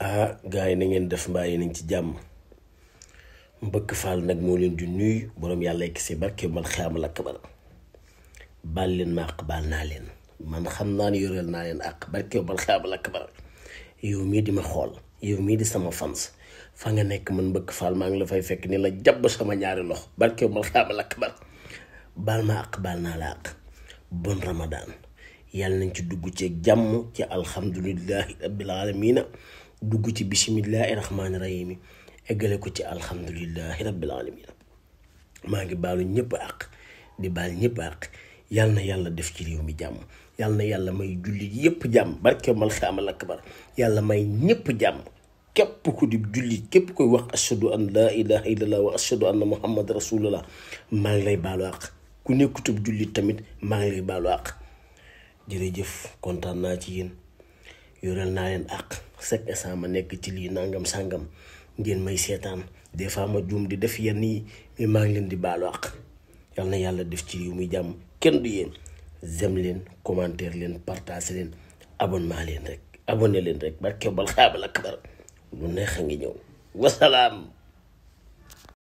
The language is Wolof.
ah gars yi na ngeen def mbaa yi nañ ci jàmm mbëkk faal nag moo leen di nuyu boroom yàlla ki si barke man xeam lakk bal baal leen ma àq baal naa leen man xam naa ne yoreel naa leen àq barke man xeam lakk bal yow mii di ma xool yow mii di sama fans fa nga nekk man mbëkk faal maa ngi la fay fekk ni la jàpp sama ñaari lox barke man xeam lakk bal baal ma àq baal naa la àq bon ramadaan yàlla nañ ci dugg ci jàmm ci alhamdulillahi rabbil alamina dugg ci bisimillahi rahmaani rahim eggale ko ci alhamdulilahi rabbil alamin maa ngi baalu ñëpp àq di baal ñëpp àq yal na yàlla def ci réew mi jàmm yal yàlla may jullit yëpp jàmm barke mal xaamal akbar yàlla may ñëpp jàmm képp ku jullit képp koy wax ashadu an laa ilaha illallah wa ashadu anna muhammad rasulullah maa ngi lay baalu àq ku nekkutub jullit tamit maa ngi lay baalu àq jërëjëf kontaan naa ci yéen yoreel naa leen àq chaque instant ma nekk ci lii nangam sàngam ngeen may seetaan des fois ma juum di def yenn yi mais maa ngi leen di baalu àq yal na yàlla def ci yu muy jàmm kenn du yéen zem leen commentaire leen partage leen abonnement leen rek abonné leen rek ba kebal xaabal akbar lu neex a ngi ñëw